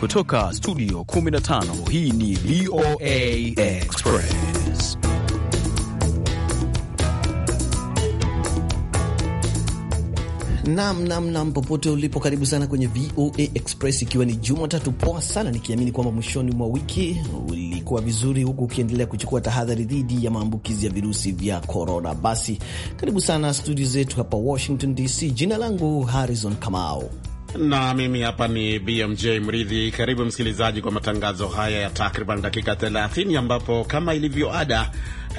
Kutoka studio 15 hii ni VOA Express. Nam nam nam, popote ulipo, karibu sana kwenye VOA Express, ikiwa ni Jumatatu poa sana, nikiamini kwamba mwishoni mwa wiki ulikuwa vizuri, huku ukiendelea kuchukua tahadhari dhidi ya maambukizi ya virusi vya korona. Basi karibu sana studio zetu hapa Washington DC. Jina langu Harrison Kamao na mimi hapa ni BMJ Mridhi. Karibu msikilizaji kwa matangazo haya ya takriban dakika 30 ambapo kama ilivyo ada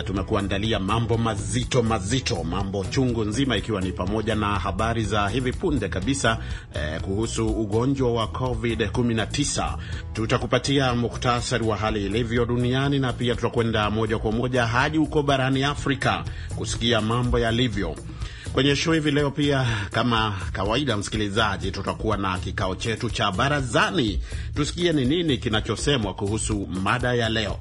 tumekuandalia mambo mazito mazito, mambo chungu nzima, ikiwa ni pamoja na habari za hivi punde kabisa eh, kuhusu ugonjwa wa COVID-19. Tutakupatia muktasari wa hali ilivyo duniani na pia tutakwenda moja kwa moja hadi huko barani Afrika kusikia mambo yalivyo. Kwenye show hivi leo pia, kama kawaida, msikilizaji, tutakuwa na kikao chetu cha barazani, tusikie ni nini kinachosemwa kuhusu mada ya leo.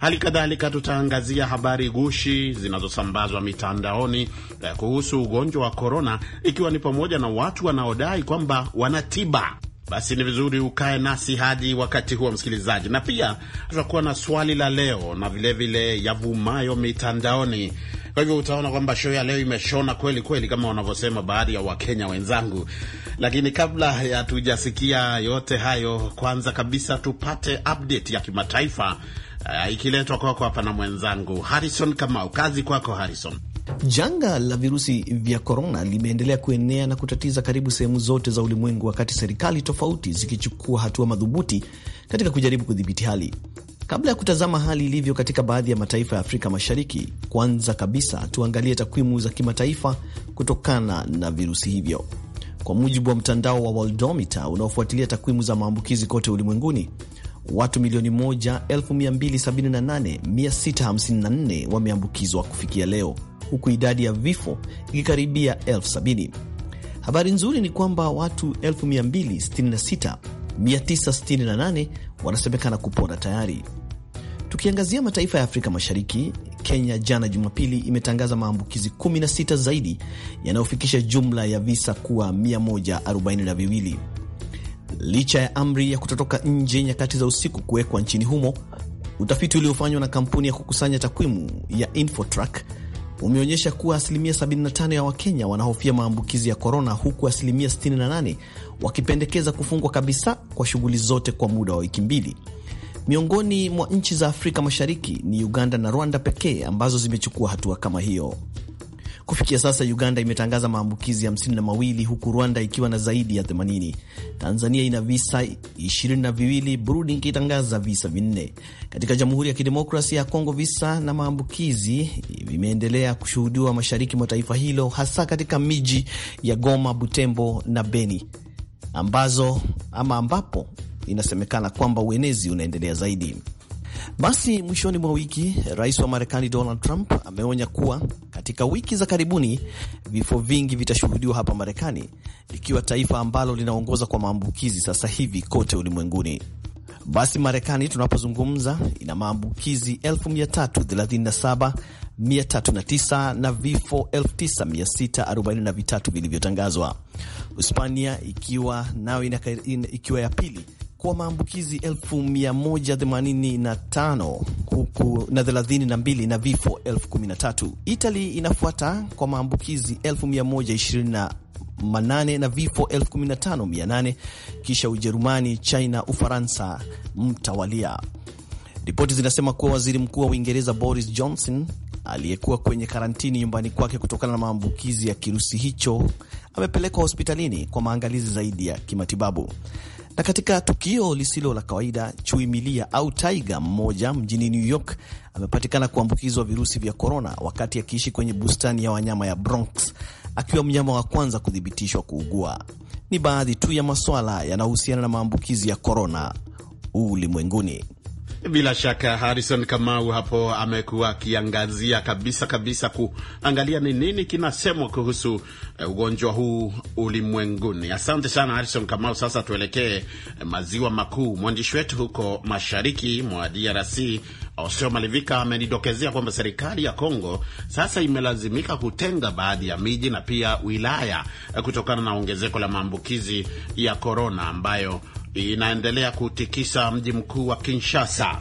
Hali kadhalika tutaangazia habari gushi zinazosambazwa mitandaoni eh, kuhusu ugonjwa wa korona, ikiwa ni pamoja na watu wanaodai kwamba wanatiba basi ni vizuri ukae nasi hadi wakati huo msikilizaji, na pia tutakuwa na swali la leo na vilevile yavumayo mitandaoni kwa hivyo utaona kwamba show ya leo imeshona kweli kweli, kama wanavyosema baadhi ya Wakenya wenzangu. Lakini kabla ya tujasikia yote hayo, kwanza kabisa tupate update ya kimataifa uh, ikiletwa kwako hapa na mwenzangu Harrison Kamau. Kazi kwako Harrison. Janga la virusi vya korona limeendelea kuenea na kutatiza karibu sehemu zote za ulimwengu, wakati serikali tofauti zikichukua hatua madhubuti katika kujaribu kudhibiti hali. Kabla ya kutazama hali ilivyo katika baadhi ya mataifa ya Afrika Mashariki, kwanza kabisa tuangalie takwimu za kimataifa kutokana na virusi hivyo. Kwa mujibu wa mtandao wa Worldometer unaofuatilia takwimu za maambukizi kote ulimwenguni, watu milioni 1,278,654 wameambukizwa kufikia leo, huku idadi ya vifo ikikaribia 70 Habari nzuri ni kwamba watu 266,968 wanasemekana kupona tayari. Tukiangazia mataifa ya Afrika Mashariki, Kenya jana Jumapili imetangaza maambukizi 16 zaidi yanayofikisha jumla ya visa kuwa 142 licha ya amri ya kutotoka nje nyakati za usiku kuwekwa nchini humo. Utafiti uliofanywa na kampuni ya kukusanya takwimu ya Infotrack umeonyesha kuwa asilimia 75 ya Wakenya wanahofia maambukizi ya korona, huku asilimia 68 wakipendekeza kufungwa kabisa kwa shughuli zote kwa muda wa wiki mbili Miongoni mwa nchi za Afrika Mashariki ni Uganda na Rwanda pekee ambazo zimechukua hatua kama hiyo. Kufikia sasa Uganda imetangaza maambukizi hamsini na mawili huku Rwanda ikiwa na zaidi ya 80. Tanzania ina visa ishirini na viwili, Burundi ikitangaza visa vinne. Katika Jamhuri ya Kidemokrasia ya Kongo, visa na maambukizi vimeendelea kushuhudiwa mashariki mwa taifa hilo, hasa katika miji ya Goma, Butembo na Beni ambazo ama ambapo inasemekana kwamba uenezi unaendelea zaidi. Basi mwishoni mwa wiki, rais wa Marekani Donald Trump ameonya kuwa katika wiki za karibuni vifo vingi vitashuhudiwa hapa Marekani, ikiwa taifa ambalo linaongoza kwa maambukizi sasa hivi kote ulimwenguni. Basi Marekani tunapozungumza ina maambukizi 337309 na vifo 9643 vilivyotangazwa, Hispania ikiwa nayo ikiwa ya pili kwa maambukizi 185 huku na 32 na vifo 13. Itali inafuata kwa maambukizi 128 na vifo 15800, kisha Ujerumani, China, Ufaransa mtawalia. Ripoti zinasema kuwa waziri mkuu wa Uingereza Boris Johnson aliyekuwa kwenye karantini nyumbani kwake kutokana na maambukizi ya kirusi hicho amepelekwa hospitalini kwa maangalizi zaidi ya kimatibabu. Na katika tukio lisilo la kawaida, chui milia au taiga mmoja mjini New York amepatikana kuambukizwa virusi vya korona wakati akiishi kwenye bustani ya wanyama ya Bronx, akiwa mnyama wa kwanza kuthibitishwa kuugua. Ni baadhi tu ya maswala yanayohusiana na maambukizi ya korona ulimwenguni. Bila shaka Harrison Kamau hapo amekuwa akiangazia kabisa kabisa kuangalia ni nini kinasemwa kuhusu eh, ugonjwa huu ulimwenguni. Asante sana Harrison Kamau. Sasa tuelekee eh, maziwa makuu. Mwandishi wetu huko mashariki mwa DRC Osio Malivika amenidokezea kwamba serikali ya Kongo sasa imelazimika kutenga baadhi ya miji na pia wilaya eh, kutokana na ongezeko la maambukizi ya korona ambayo inaendelea kutikisa mji mkuu wa Kinshasa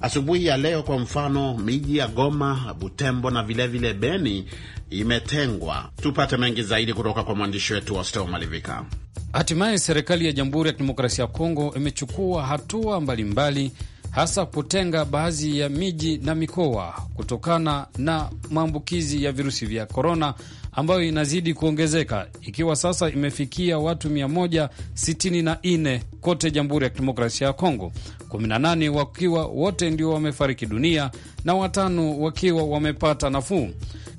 asubuhi ya leo. Kwa mfano, miji ya Goma, Butembo na vilevile vile Beni imetengwa. Tupate mengi zaidi kutoka kwa mwandishi wetu Wasteo Malivika. Hatimaye serikali ya Jamhuri ya Kidemokrasia ya Kongo imechukua hatua mbalimbali mbali, hasa kutenga baadhi ya miji na mikoa kutokana na maambukizi ya virusi vya korona ambayo inazidi kuongezeka ikiwa sasa imefikia watu 164 kote Jamhuri ya Kidemokrasia ya Kongo, 18 wakiwa wote ndio wamefariki dunia na watano wakiwa wamepata nafuu.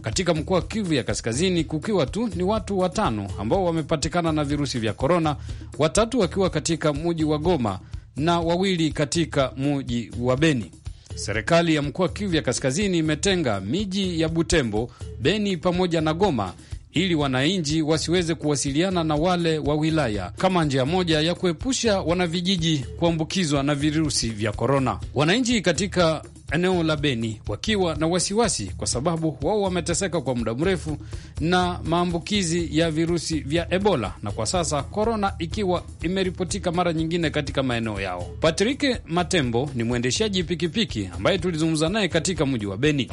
Katika mkoa wa Kivu ya Kaskazini kukiwa tu ni watu watano ambao wamepatikana na virusi vya korona, watatu wakiwa katika muji wa Goma na wawili katika muji wa Beni. Serikali ya mkoa Kivu ya Kaskazini imetenga miji ya Butembo, Beni pamoja na Goma ili wananchi wasiweze kuwasiliana na wale wa wilaya kama njia moja ya kuepusha wanavijiji kuambukizwa na virusi vya korona. Wananchi katika eneo la Beni wakiwa na wasiwasi, kwa sababu wao wameteseka kwa muda mrefu na maambukizi ya virusi vya Ebola, na kwa sasa korona ikiwa imeripotika mara nyingine katika maeneo yao. Patrick Matembo ni mwendeshaji pikipiki ambaye tulizungumza naye katika mji wa Beni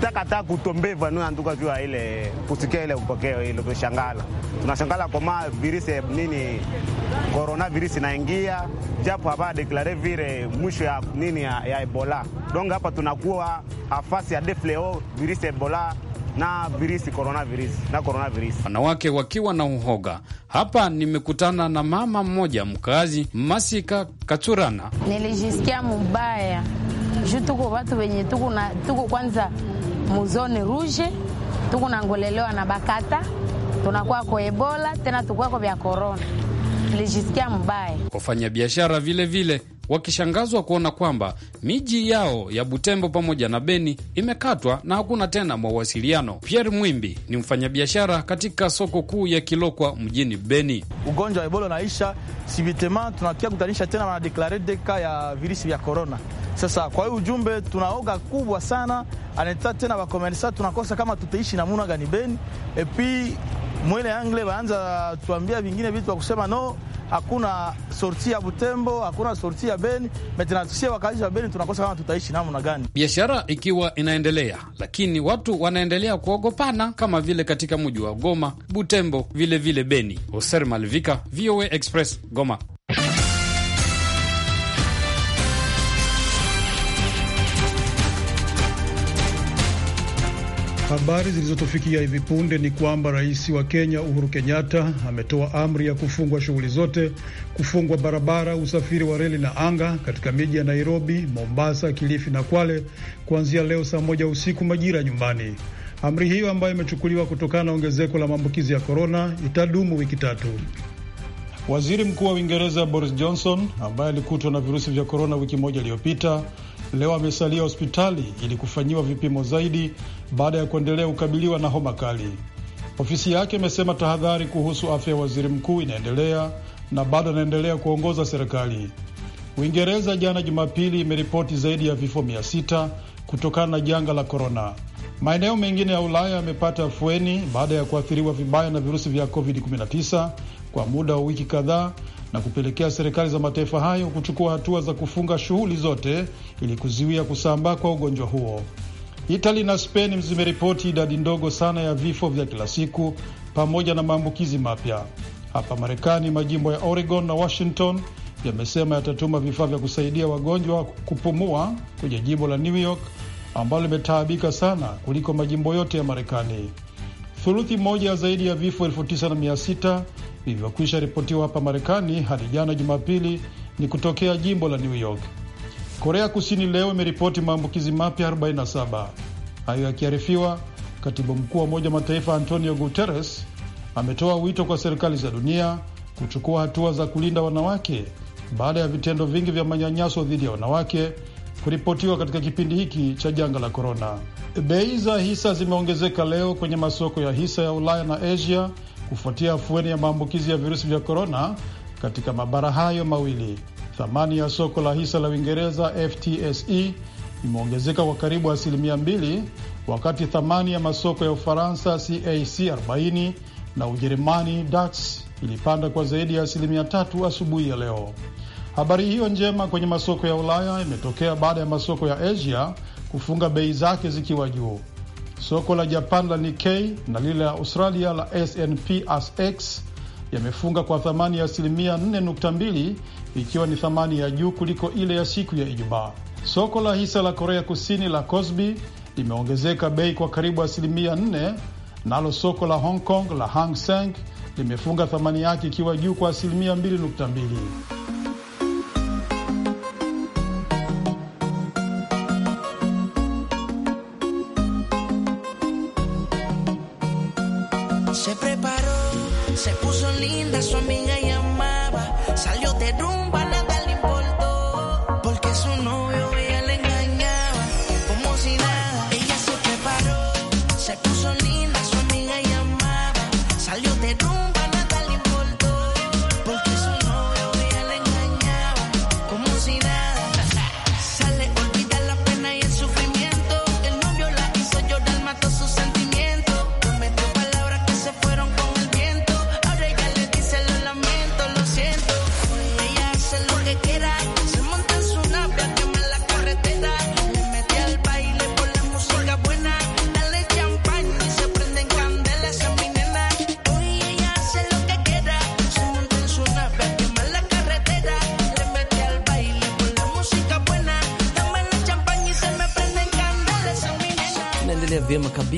takataka kutombeva nu anduka ile kusikia ile ile tushangala, tunashangala kama virusi nini corona virusi inaingia, japo haba deklare mwisho ya nini ya, ya Ebola. Donc hapa tunakuwa afasi ya defleo virusi Ebola na virusi corona virusi na corona virusi. Wanawake wakiwa na uhoga hapa. Nimekutana na mama mmoja mkazi Masika Katurana, nilijisikia mubaya juu tuko watu wenye tuko na tuko kwanza muzone rouge tukunangolelewa na bakata tunakuwa kwa Ebola tena tukuwako vya korona, tulijisikia mbaya. Wafanyabiashara vile vile wakishangazwa kuona kwamba miji yao ya Butembo pamoja na Beni imekatwa na hakuna tena mawasiliano. Pierre Mwimbi ni mfanyabiashara katika soko kuu ya Kilokwa mjini Beni. Ugonjwa wa Ebola unaisha sivitema, tunakia kutanisha tena wanadeklare deka ya virusi vya korona. Sasa kwa hiyo ujumbe tunaoga kubwa sana aneta tena wakomersa, tunakosa kama tutaishi namuna gani Beni epi mwele angle baanza tuambia vingine vitu vya kusema no hakuna sorti ya Butembo, hakuna sorti ya Beni. Metenatusie wakazi wa Beni tunakosa kama tutaishi namna gani? Biashara ikiwa inaendelea, lakini watu wanaendelea kuogopana kama vile katika mji wa Goma, Butembo, vilevile vile Beni. Hoser Malvika, VOA Express, Goma. Habari zilizotufikia hivi punde ni kwamba rais wa Kenya Uhuru Kenyatta ametoa amri ya kufungwa shughuli zote, kufungwa barabara, usafiri wa reli na anga katika miji ya Nairobi, Mombasa, Kilifi na Kwale kuanzia leo saa moja usiku majira nyumbani. Amri hiyo ambayo imechukuliwa kutokana na ongezeko la maambukizi ya korona itadumu wiki tatu. Waziri Mkuu wa Uingereza Boris Johnson ambaye alikutwa na virusi vya korona wiki moja iliyopita leo amesalia hospitali ili kufanyiwa vipimo zaidi baada ya kuendelea kukabiliwa na homa kali. Ofisi yake imesema tahadhari kuhusu afya ya waziri mkuu inaendelea na bado anaendelea kuongoza serikali. Uingereza jana Jumapili imeripoti zaidi ya vifo mia sita kutokana na janga la korona. Maeneo mengine ya Ulaya yamepata afueni baada ya kuathiriwa vibaya na virusi vya COVID-19 kwa muda wa wiki kadhaa na kupelekea serikali za mataifa hayo kuchukua hatua za kufunga shughuli zote ili kuzuia kusambaa kwa ugonjwa huo. Itali na Spain zimeripoti idadi ndogo sana ya vifo vya kila siku pamoja na maambukizi mapya. Hapa Marekani, majimbo ya Oregon na Washington yamesema yatatuma vifaa vya kusaidia wagonjwa kupumua kwenye jimbo la New York ambalo limetaabika sana kuliko majimbo yote ya Marekani. Thuluthi moja ya zaidi ya vifo elfu tisa na mia sita vilivyokwisha ripotiwa hapa Marekani hadi jana Jumapili ni kutokea jimbo la New York. Korea Kusini leo imeripoti maambukizi mapya 47. Hayo yakiarifiwa, katibu mkuu wa Umoja Mataifa Antonio Guterres ametoa wito kwa serikali za dunia kuchukua hatua za kulinda wanawake baada ya vitendo vingi vya manyanyaso dhidi ya wanawake kuripotiwa katika kipindi hiki cha janga la korona. Bei za hisa zimeongezeka leo kwenye masoko ya hisa ya Ulaya na Asia kufuatia afueni ya maambukizi ya virusi vya korona katika mabara hayo mawili. Thamani ya soko la hisa la Uingereza FTSE imeongezeka kwa karibu asilimia mbili, wakati thamani ya masoko ya Ufaransa CAC 40 na Ujerumani DAX ilipanda kwa zaidi ya asilimia tatu asubuhi ya leo. Habari hiyo njema kwenye masoko ya Ulaya imetokea baada ya masoko ya Asia kufunga bei zake zikiwa juu. Soko la Japan la Nikkei na lile la Australia la SNPSX yamefunga kwa thamani ya asilimia 4.2 ikiwa ni thamani ya juu kuliko ile ya siku ya Ijumaa. Soko la hisa la Korea Kusini la cosby limeongezeka bei kwa karibu asilimia 4, nalo soko la Hong Kong la Hang Seng limefunga thamani yake ikiwa juu kwa asilimia 2.2.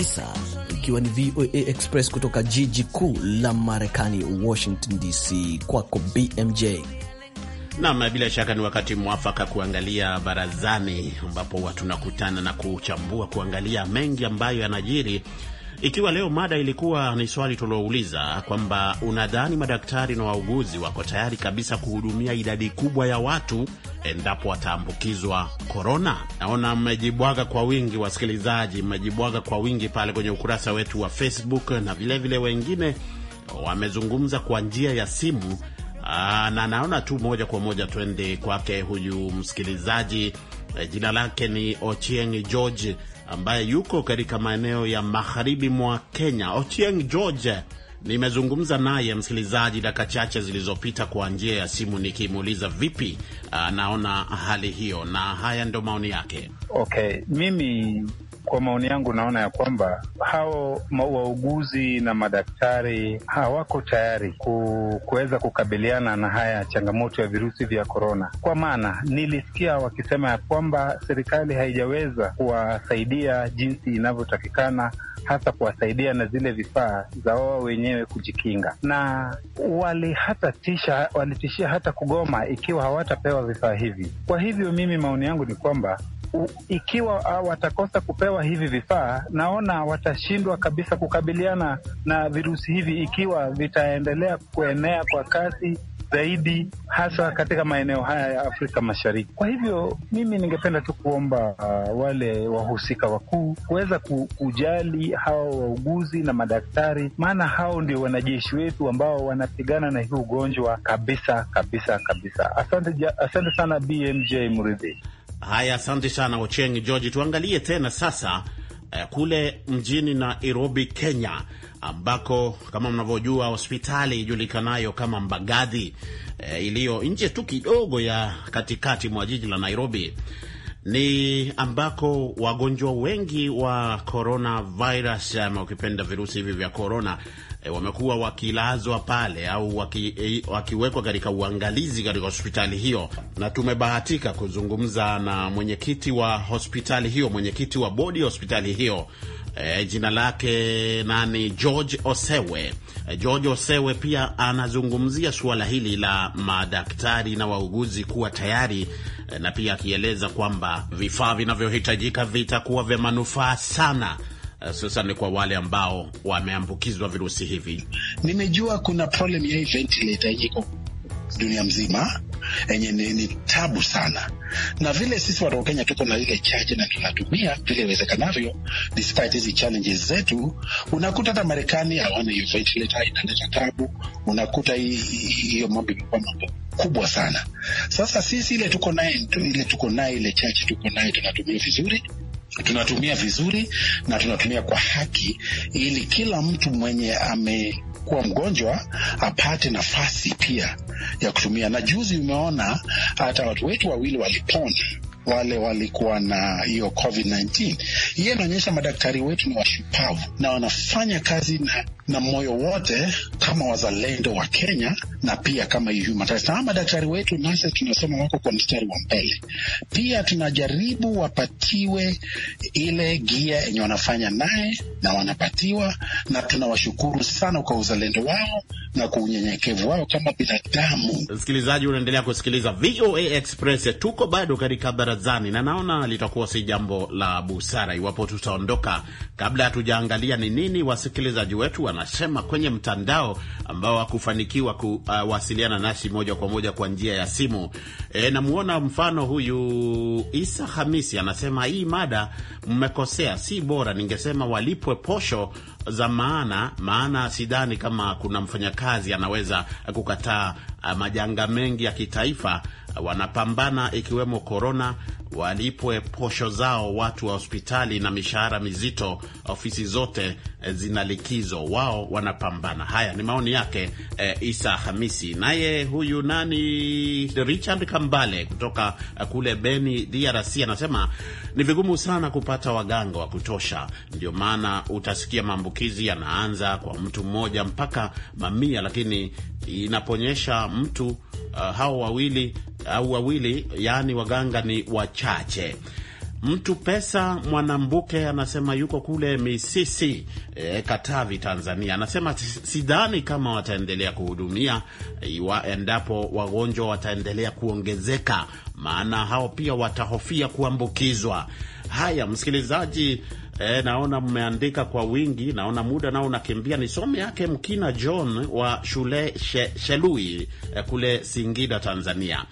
kabisa, ikiwa ni VOA Express kutoka jiji kuu la Marekani, Washington DC. Kwako BMJ. Nam, bila shaka ni wakati mwafaka kuangalia barazani, ambapo huwa tunakutana na kuchambua, kuangalia mengi ambayo yanajiri ikiwa leo mada ilikuwa ni swali tuliouliza kwamba unadhani madaktari na wauguzi wako tayari kabisa kuhudumia idadi kubwa ya watu endapo wataambukizwa korona? Naona mmejibwaga kwa wingi, wasikilizaji, mmejibwaga kwa wingi pale kwenye ukurasa wetu wa Facebook na vilevile vile wengine wamezungumza kwa njia ya simu. Aa, ah, na naona tu moja kwa moja twende kwake huyu msikilizaji, eh, jina lake ni Ochieng George ambaye yuko katika maeneo ya magharibi mwa Kenya. Ochieng George nimezungumza naye msikilizaji dakika chache zilizopita kwa njia ya simu nikimuuliza vipi anaona ah, hali hiyo, na haya ndio maoni yake. Okay, mimi kwa maoni yangu, naona ya kwamba hao wauguzi na madaktari hawako tayari kuweza kukabiliana na haya changamoto ya virusi vya korona, kwa maana nilisikia wakisema ya kwamba serikali haijaweza kuwasaidia jinsi inavyotakikana hasa kuwasaidia na zile vifaa za wao wenyewe kujikinga, na walihatatisha walitishia hata kugoma ikiwa hawatapewa vifaa hivi. Kwa hivyo mimi maoni yangu ni kwamba ikiwa ah, watakosa kupewa hivi vifaa, naona watashindwa kabisa kukabiliana na virusi hivi ikiwa vitaendelea kuenea kwa kasi zaidi hasa katika maeneo haya ya Afrika Mashariki. Kwa hivyo mimi ningependa tu kuomba uh, wale wahusika wakuu kuweza kujali hawa wauguzi na madaktari, maana hao ndio wanajeshi wetu ambao wanapigana na hii ugonjwa kabisa kabisa kabisa. Asante, asante sana BMJ Mridhi. Haya, asante sana Ochieng George. Tuangalie tena sasa eh, kule mjini Nairobi, Kenya, ambako kama mnavyojua hospitali ijulikanayo kama mbagadhi eh, iliyo nje tu kidogo ya katikati mwa jiji la Nairobi ni ambako wagonjwa wengi wa coronavirus ama ukipenda virusi hivi vya corona e, wamekuwa wakilazwa pale au waki, e, wakiwekwa katika uangalizi katika hospitali hiyo, na tumebahatika kuzungumza na mwenyekiti wa hospitali hiyo, mwenyekiti wa bodi ya hospitali hiyo. E, jina lake nani? George Osewe. E, George Osewe pia anazungumzia suala hili la madaktari na wauguzi kuwa tayari e, na pia akieleza kwamba vifaa vinavyohitajika vitakuwa vya manufaa sana hususan eh, kwa wale ambao wameambukizwa virusi hivi. Nimejua kuna problem ya ventilator yenye iko dunia mzima enye ni, ni tabu sana, na vile sisi watu wa Kenya tuko na ile chache na tunatumia vile iwezekanavyo, despite hizi challenges zetu. Unakuta hata Marekani hawana hiyo ventilator, inaleta tabu. Unakuta hiyo mambo imekuwa mambo kubwa sana. Sasa sisi ile tuko naye ile tuko naye ile chache tuko naye tunatumia vizuri, tunatumia vizuri na tunatumia kwa haki, ili kila mtu mwenye ame kuwa mgonjwa apate nafasi pia ya kutumia. Na juzi umeona hata watu wetu wawili walipona, wale walikuwa na hiyo COVID-19. Hiyo inaonyesha madaktari wetu ni washupavu na wanafanya kazi na na moyo wote kama wazalendo wa Kenya na pia kama Human Na madaktari wetu nasi tunasema wako kwa mstari wa mbele, pia tunajaribu wapatiwe ile gia yenye wanafanya naye na wanapatiwa, na tunawashukuru sana kwa uzalendo wao na kwa unyenyekevu wao kama binadamu. Msikilizaji, unaendelea kusikiliza VOA Express, tuko bado katika barazani, na naona litakuwa si jambo la busara iwapo tutaondoka kabla hatujaangalia ni nini wasikilizaji wetu wana wanasema kwenye mtandao ambao hakufanikiwa uh, kuwasiliana uh, nasi moja kwa moja kwa njia ya simu. E, namuona mfano huyu Isa Hamisi anasema hii mada mmekosea, si bora, ningesema walipwe posho za maana, maana sidhani kama kuna mfanyakazi anaweza kukataa ah, majanga mengi ya kitaifa wanapambana, ikiwemo korona. Walipwe posho zao watu wa hospitali na mishahara mizito, ofisi zote eh, zina likizo, wao wanapambana. Haya ni maoni yake e, Isa Hamisi. Naye huyu nani, Richard Kambale kutoka ah, kule Beni, DRC, anasema ni vigumu sana kupata waganga wa kutosha, ndio maana utasikia mambo maambukizi yanaanza kwa mtu mmoja mpaka mamia, lakini inaponyesha mtu uh, hao wawili au uh, wawili, yaani waganga ni wachache. Mtu pesa Mwanambuke anasema yuko kule Misisi e, Katavi, Tanzania. Anasema sidhani kama wataendelea kuhudumia iwa endapo wagonjwa wataendelea kuongezeka, maana hao pia watahofia kuambukizwa. Haya msikilizaji, e, naona mmeandika kwa wingi, naona muda nao unakimbia. Nisome yake Mkina John wa shule she, Shelui e, kule Singida, Tanzania.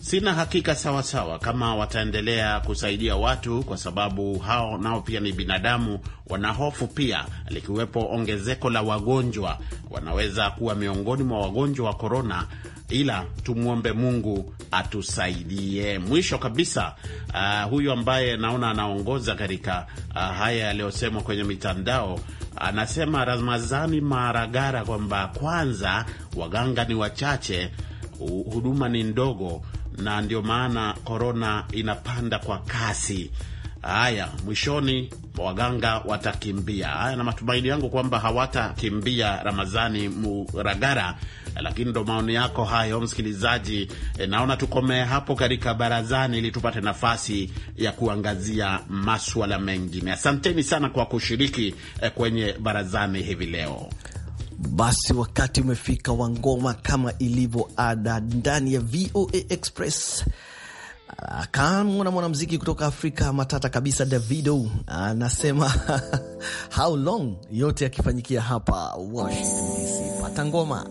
Sina hakika sawasawa sawa, kama wataendelea kusaidia watu kwa sababu hao nao pia ni binadamu, wanahofu pia. Likiwepo ongezeko la wagonjwa, wanaweza kuwa miongoni mwa wagonjwa wa korona ila tumwombe Mungu atusaidie. Mwisho kabisa, uh, huyu ambaye naona anaongoza katika uh, haya yaliyosemwa kwenye mitandao anasema Ramazani Maragara kwamba kwanza, waganga ni wachache, huduma ni ndogo, na ndio maana korona inapanda kwa kasi. Haya, mwishoni waganga watakimbia. Haya, na matumaini yangu kwamba hawatakimbia Ramadhani Muragara, lakini ndo maoni yako hayo, msikilizaji. E, naona tukomee hapo katika barazani ili tupate nafasi ya kuangazia maswala mengine. Asanteni sana kwa kushiriki e, kwenye barazani hivi leo. Basi wakati umefika wa ngoma, kama ilivyo ada ndani ya VOA Express Kamwana mwanamziki kutoka Afrika matata kabisa, Davido anasema how long, yote yakifanyikia hapa Washington DC. Pata ngoma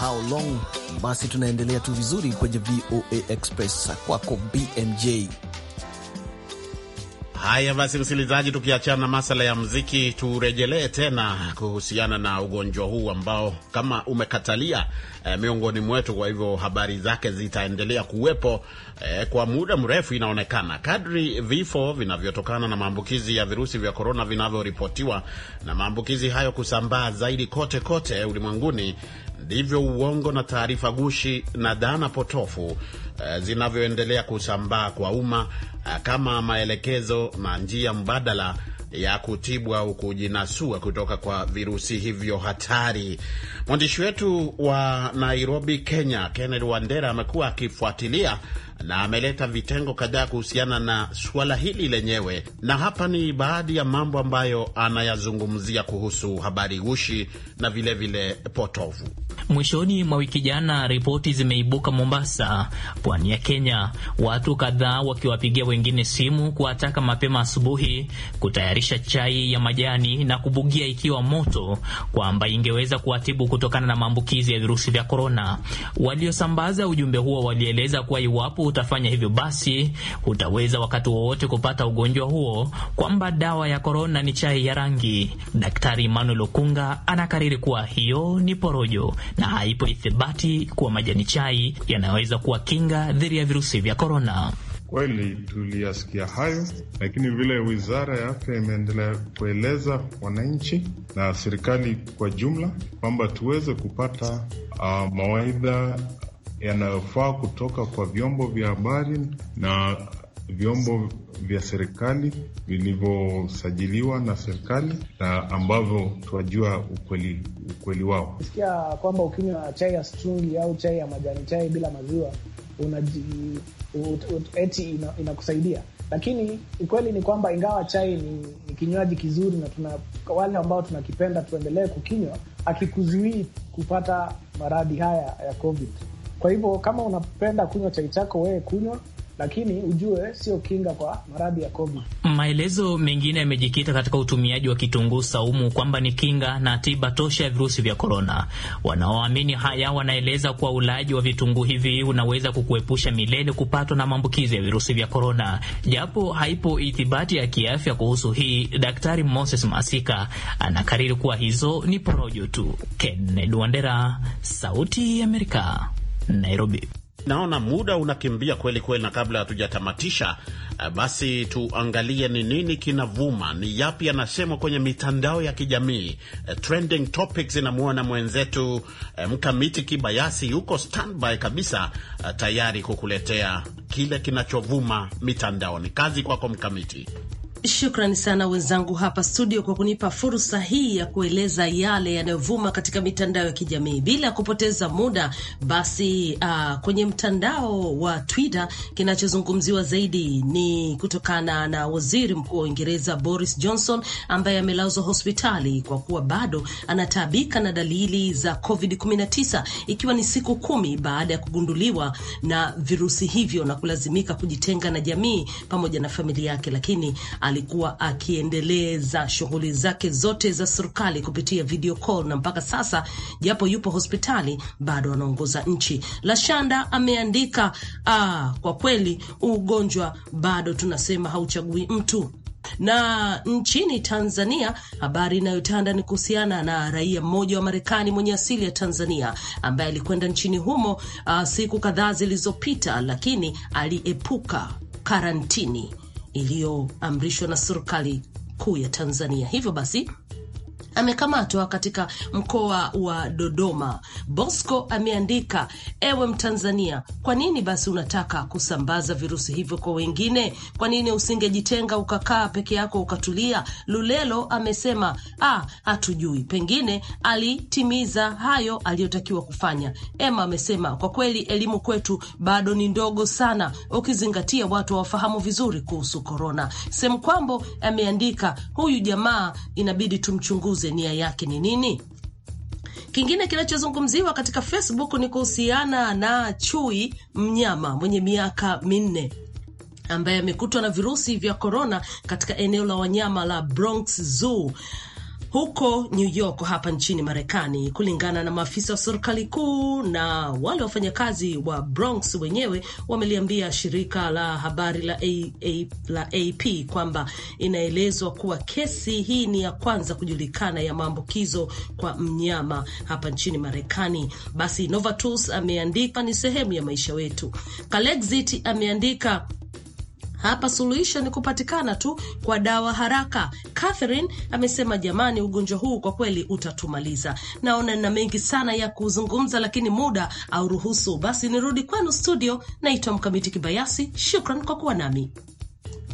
how long. Basi tunaendelea tu vizuri kwenye VOA Express, kwako BMJ. Haya basi, msikilizaji, tukiachana na masala ya mziki, turejelee tena kuhusiana na ugonjwa huu ambao kama umekatalia eh, miongoni mwetu. Kwa hivyo habari zake zitaendelea kuwepo eh, kwa muda mrefu. Inaonekana kadri vifo vinavyotokana na maambukizi ya virusi vya korona vinavyoripotiwa na maambukizi hayo kusambaa zaidi kote kote ulimwenguni, ndivyo uongo na taarifa gushi na dhana potofu eh, zinavyoendelea kusambaa kwa umma eh, kama maelekezo na njia mbadala ya kutibu au kujinasua kutoka kwa virusi hivyo hatari. Mwandishi wetu wa Nairobi, Kenya, Kenneth Wandera amekuwa akifuatilia na ameleta vitengo kadhaa kuhusiana na suala hili lenyewe, na hapa ni baadhi ya mambo ambayo anayazungumzia kuhusu habari gushi na vilevile vile potovu. Mwishoni mwa wiki jana, ripoti zimeibuka Mombasa, pwani ya Kenya, watu kadhaa wakiwapigia wengine simu kuwataka mapema asubuhi kutayarisha chai ya majani na kubugia ikiwa moto, kwamba ingeweza kuwatibu kutokana na maambukizi ya virusi vya korona. Waliosambaza ujumbe huo walieleza kuwa iwapo utafanya hivyo, basi utaweza wakati wowote kupata ugonjwa huo, kwamba dawa ya korona ni chai ya rangi. Daktari Emmanuel Okunga anakariri kuwa hiyo ni porojo na haipo ithibati kuwa majani chai yanaweza kuwa kinga dhidi ya virusi vya korona. Kweli tuliyasikia hayo, lakini vile wizara ya afya imeendelea kueleza wananchi na serikali kwa jumla kwamba tuweze kupata uh, mawaidha yanayofaa kutoka kwa vyombo vya habari na vyombo vya serikali vilivyosajiliwa na serikali na ambavyo tuwajua ukweli ukweli wao. Sikia kwamba ukinywa chai ya strungi au chai ya majani chai bila maziwa unaji, ut, ut, eti inakusaidia ina lakini ukweli ni kwamba ingawa chai ni, ni kinywaji kizuri na tuna wale ambao tunakipenda tuendelee kukinywa, akikuzuii kupata maradhi haya ya COVID. Kwa hivyo kama unapenda kunywa chai chako, wewe kunywa lakini ujue sio kinga kwa maradhi ya koma. Maelezo mengine yamejikita katika utumiaji wa kitunguu saumu kwamba ni kinga na tiba tosha ya virusi vya korona. Wanaoamini haya wanaeleza kuwa ulaji wa vitunguu hivi unaweza kukuepusha milele kupatwa na maambukizi ya virusi vya korona. Japo haipo ithibati ya kiafya kuhusu hii, Daktari Moses Masika anakariri kuwa hizo ni porojo tu. Kennedy Wandera, Sauti ya Amerika. Nairobi. Naona muda unakimbia kweli kweli, na kabla hatujatamatisha eh, basi tuangalie ni nini kinavuma, ni yapi yanasemwa kwenye mitandao ya kijamii eh, trending topics. Inamwona mwenzetu eh, Mkamiti Kibayasi yuko standby kabisa, tayari kukuletea kile kinachovuma mitandaoni. Kazi kwako Mkamiti. Shukrani sana wenzangu hapa studio kwa kunipa fursa hii ya kueleza yale yanayovuma katika mitandao ya kijamii bila kupoteza muda. Basi uh, kwenye mtandao wa Twitter kinachozungumziwa zaidi ni kutokana na waziri mkuu wa Uingereza Boris Johnson ambaye amelazwa hospitali kwa kuwa bado anataabika na dalili za COVID-19 ikiwa ni siku kumi baada ya kugunduliwa na virusi hivyo na kulazimika kujitenga na jamii pamoja na familia yake, lakini alikuwa akiendeleza shughuli zake zote za serikali kupitia video call, na mpaka sasa japo yupo hospitali bado anaongoza nchi. Lashanda ameandika ah, kwa kweli ugonjwa bado tunasema hauchagui mtu na nchini Tanzania, habari inayotanda ni kuhusiana na raia mmoja wa Marekani mwenye asili ya Tanzania ambaye alikwenda nchini humo uh, siku kadhaa zilizopita, lakini aliepuka karantini iliyoamrishwa na serikali kuu ya Tanzania. Hivyo basi amekamatwa katika mkoa wa Dodoma. Bosco ameandika, ewe Mtanzania, kwa nini basi unataka kusambaza virusi hivyo kwa wengine? Kwa nini usingejitenga ukakaa peke yako ukatulia? Lulelo amesema ah, hatujui, pengine alitimiza hayo aliyotakiwa kufanya. Emma amesema kwa kweli elimu kwetu bado ni ndogo sana, ukizingatia watu hawafahamu vizuri kuhusu korona. Semkwambo ameandika, huyu jamaa inabidi tumchunguze tueleze nia yake ni nini. Kingine kinachozungumziwa katika Facebook ni kuhusiana na chui mnyama mwenye miaka minne ambaye amekutwa na virusi vya korona katika eneo la wanyama la Bronx Zoo huko New York hapa nchini Marekani, kulingana na maafisa wa serikali kuu na wale wafanyakazi wa Bronx wenyewe wameliambia shirika la habari la, A, la AP kwamba inaelezwa kuwa kesi hii ni ya kwanza kujulikana ya maambukizo kwa mnyama hapa nchini Marekani. Basi Novatus ameandika ni sehemu ya maisha wetu. Kalexit ameandika hapa suluhisho ni kupatikana tu kwa dawa haraka. Catherine amesema jamani, ugonjwa huu kwa kweli utatumaliza. Naona nina mengi sana ya kuzungumza, lakini muda au ruhusu basi nirudi kwenu studio. Naitwa Mkamiti Kibayasi, shukran kwa kuwa nami.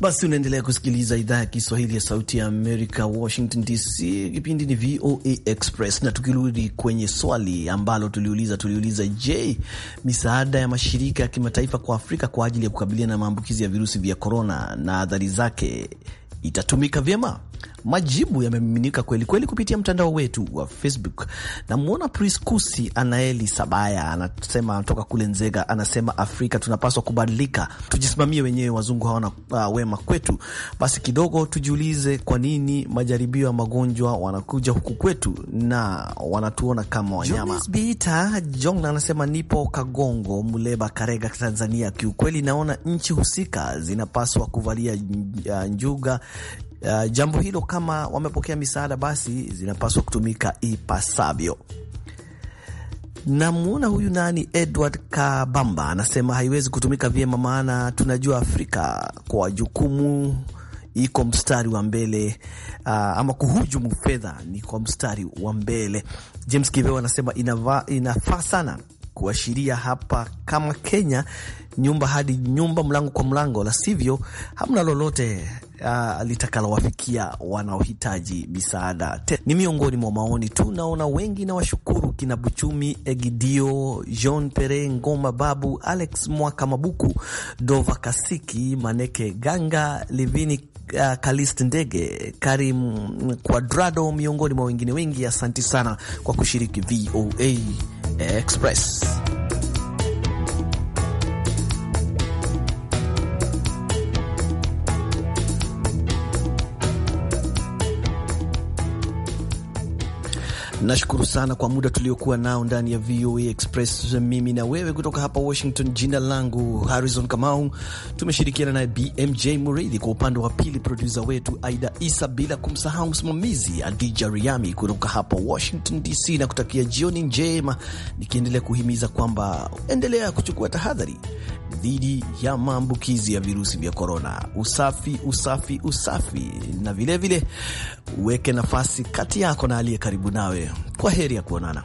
Basi unaendelea kusikiliza idhaa ya Kiswahili ya Sauti ya Amerika, Washington DC. Kipindi ni VOA Express, na tukirudi kwenye swali ambalo tuliuliza, tuliuliza je, misaada ya mashirika ya kimataifa kwa Afrika kwa ajili ya kukabiliana na maambukizi ya virusi vya korona na athari zake itatumika vyema? Majibu yamemiminika kweli kweli kupitia mtandao wetu wa Facebook. Namwona Priskusi Anaeli Sabaya anasema, anatoka kule Nzega, anasema Afrika tunapaswa kubadilika, tujisimamie wenyewe, wazungu hawana uh, wema kwetu. Basi kidogo tujiulize, kwa nini majaribio ya magonjwa wanakuja huku kwetu na wanatuona kama wanyama. Bita anasema nipo Kagongo, Muleba, Karega, Tanzania. Kiukweli naona nchi husika zinapaswa kuvalia ah, njuga uh, jambo hilo kama wamepokea misaada basi zinapaswa kutumika ipasavyo. Namwona huyu nani, Edward Kabamba anasema haiwezi kutumika vyema, maana tunajua Afrika kwa jukumu iko mstari wa mbele uh, ama kuhujumu fedha ni kwa mstari wa mbele. James Kiveo anasema inafaa sana kuashiria hapa kama Kenya, nyumba hadi nyumba, mlango kwa mlango, la sivyo hamna lolote uh, litakalowafikia wanaohitaji misaada. Ni miongoni mwa maoni tu, naona wengi na washukuru kina Buchumi, Egidio, Jean Pere, Ngoma Babu, Alex Mwaka, Mabuku Dova, Kasiki Maneke, Ganga Livini, uh, Kalist Ndege, Karim Quadrado, miongoni mwa wengine wengi. Asanti sana kwa kushiriki VOA Express. Nashukuru sana kwa muda tuliokuwa nao ndani ya VOA Express, mimi na wewe kutoka hapa Washington. Jina langu Harrison Kamau, tumeshirikiana naye BMJ Muridhi kwa upande wa pili, produsa wetu Aida Isa, bila kumsahau msimamizi Adija Riami kutoka hapa Washington DC, na kutakia jioni njema, nikiendelea kuhimiza kwamba endelea kuchukua tahadhari dhidi ya maambukizi ya virusi vya korona. Usafi, usafi, usafi, na vilevile uweke nafasi kati yako na aliye karibu nawe kwa heri ya kuonana.